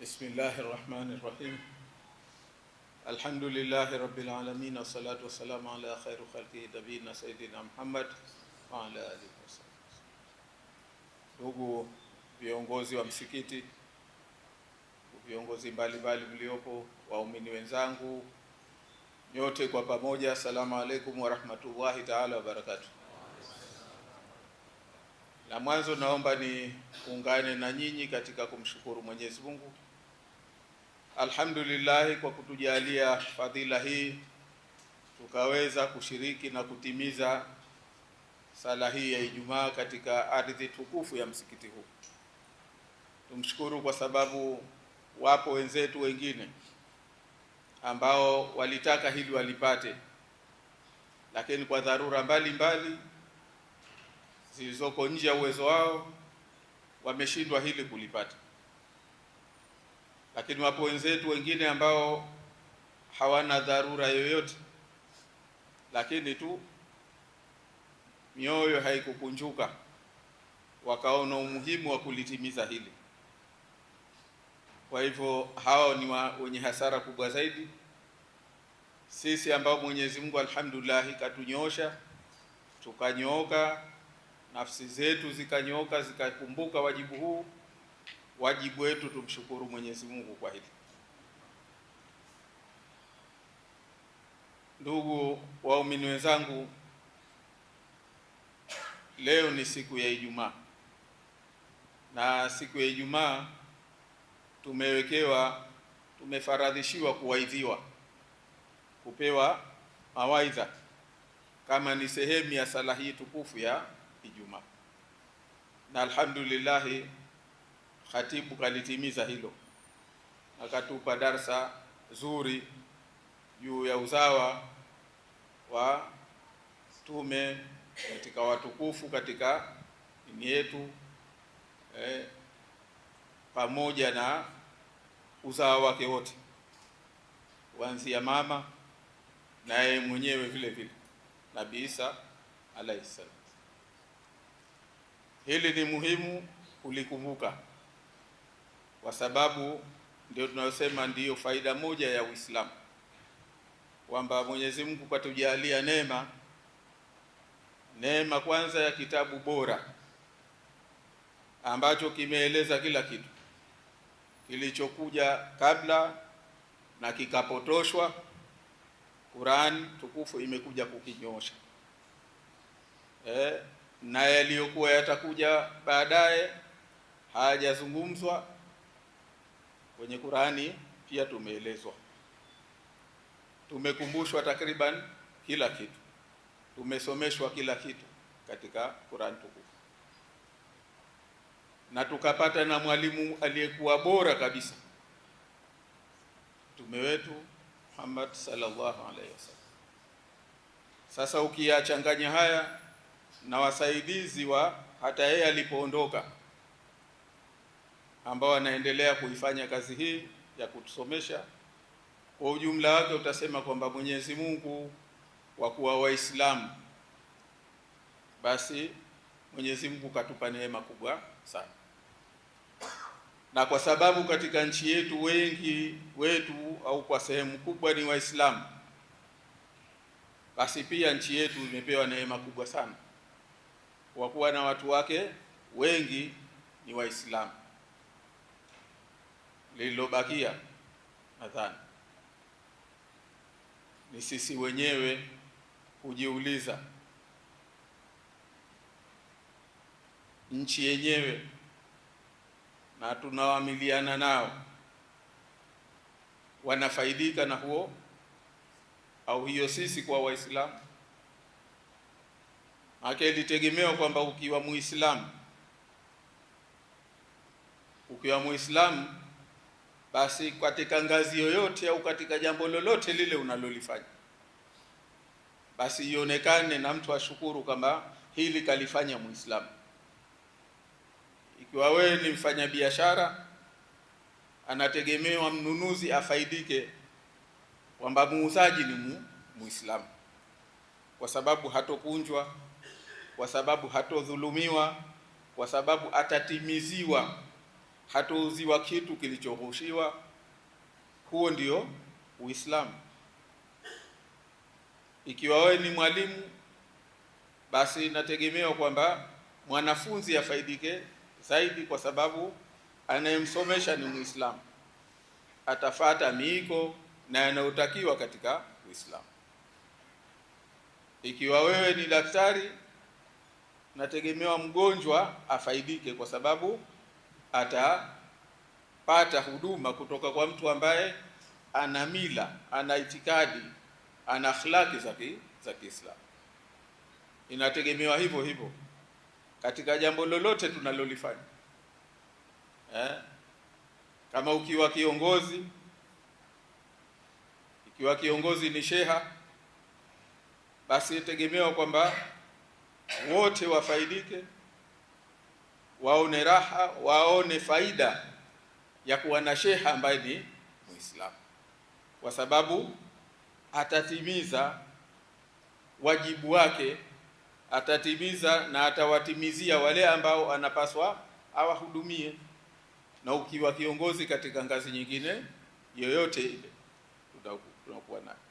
بسم الله الرحمن الرحيم الحمد لله رب العالمين والصلاة والسلام على خير خلقه نبينا سيدنا Muhammad wa ala alihi Ndugu viongozi wa msikiti, viongozi mbalimbali mliopo, waumini wenzangu, nyote kwa pamoja, assalamu alaikum warahmatullahi taala wabarakatu na mwanzo naomba ni niungane na nyinyi katika kumshukuru Mwenyezi Mungu Alhamdulillah kwa kutujalia fadhila hii tukaweza kushiriki na kutimiza sala hii ya Ijumaa katika ardhi tukufu ya msikiti huu. Tumshukuru kwa sababu wapo wenzetu wengine ambao walitaka hili walipate, lakini kwa dharura mbalimbali zilizoko nje ya uwezo wao wameshindwa hili kulipata lakini wapo wenzetu wengine ambao hawana dharura yoyote, lakini tu mioyo haikukunjuka, wakaona umuhimu wa kulitimiza hili. Kwa hivyo hao ni wenye hasara kubwa zaidi. Sisi ambao Mwenyezi Mungu alhamdulillah katunyoosha tukanyooka, nafsi zetu zikanyooka, zikakumbuka wajibu huu wajibu wetu tumshukuru Mwenyezi Mungu kwa hili. Ndugu waumini wenzangu, leo ni siku ya Ijumaa na siku ya Ijumaa tumewekewa, tumefaradhishiwa kuwaidhiwa, kupewa mawaidha kama ni sehemu ya sala hii tukufu ya Ijumaa, na alhamdulillahi Khatibu kalitimiza hilo, akatupa darsa zuri juu ya uzawa wa tume katika watukufu katika dini yetu eh, pamoja na uzawa wake wote kuanzia mama na yeye mwenyewe vile vile Nabii Isa alayhi salam. Hili ni muhimu kulikumbuka kwa sababu ndio tunayosema ndiyo faida moja ya Uislamu kwamba Mwenyezi Mungu katujalia neema, neema kwanza ya kitabu bora ambacho kimeeleza kila kitu kilichokuja kabla na kikapotoshwa. Qur'an tukufu imekuja kukinyosha eh, na yaliyokuwa yatakuja baadaye hayajazungumzwa kwenye Qurani pia tumeelezwa, tumekumbushwa takriban kila kitu, tumesomeshwa kila kitu katika Qurani tukufu, na tukapata na mwalimu aliyekuwa bora kabisa, mtume wetu Muhammad sallallahu alaihi wasallam. Sasa ukiyachanganya haya na wasaidizi wa hata yeye alipoondoka ambao anaendelea kuifanya kazi hii ya kutusomesha. Kwa ujumla wake utasema kwamba Mwenyezi Mungu wa kuwa Waislamu, basi Mwenyezi Mungu katupa neema kubwa sana, na kwa sababu katika nchi yetu wengi wetu au kwa sehemu kubwa ni Waislamu, basi pia nchi yetu imepewa neema kubwa sana kwa kuwa na watu wake wengi ni Waislamu lililobakia nadhani ni sisi wenyewe kujiuliza, nchi yenyewe na tunawamiliana nao wanafaidika na huo au hiyo. Sisi kwa Waislamu ake ilitegemewa kwamba ukiwa Muislamu ukiwa Muislamu basi katika ngazi yoyote au katika jambo lolote lile unalolifanya, basi ionekane na mtu ashukuru kwamba hili kalifanya Muislamu. Ikiwa wewe ni mfanyabiashara, anategemewa mnunuzi afaidike kwamba muuzaji ni Muislamu, kwa sababu hatokunjwa, kwa sababu hatodhulumiwa, kwa sababu atatimiziwa hatuuziwa kitu kilichoghushiwa. Huo ndio Uislamu. Ikiwa wewe ni mwalimu, basi inategemewa kwamba mwanafunzi afaidike zaidi, kwa sababu anayemsomesha ni Muislamu, atafata miiko na yanayotakiwa katika Uislamu. Ikiwa wewe ni daktari, nategemewa mgonjwa afaidike, kwa sababu atapata huduma kutoka kwa mtu ambaye ana mila, ana itikadi, ana akhlaki za Kiislamu. Inategemewa hivyo hivyo katika jambo lolote tunalolifanya eh? Kama ukiwa kiongozi, ikiwa kiongozi ni sheha, basi tegemewa kwamba wote wafaidike waone raha, waone faida ya kuwa na sheha ambaye ni Muislamu, kwa sababu atatimiza wajibu wake, atatimiza na atawatimizia wale ambao anapaswa awahudumie. Na ukiwa kiongozi katika ngazi nyingine yoyote ile, tutakuwa nayo.